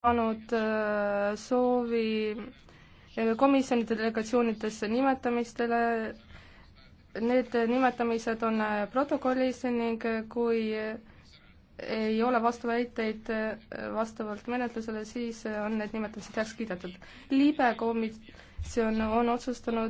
saanud äh, soovi äh, komisjonide delegatsioonidesse nimetamistele. Need nimetamised on äh, protokollis ning kui ei ole vastuväiteid vastavalt menetlusele, siis on need nimetamised heaks kiidetud. libe komisjon on otsustanud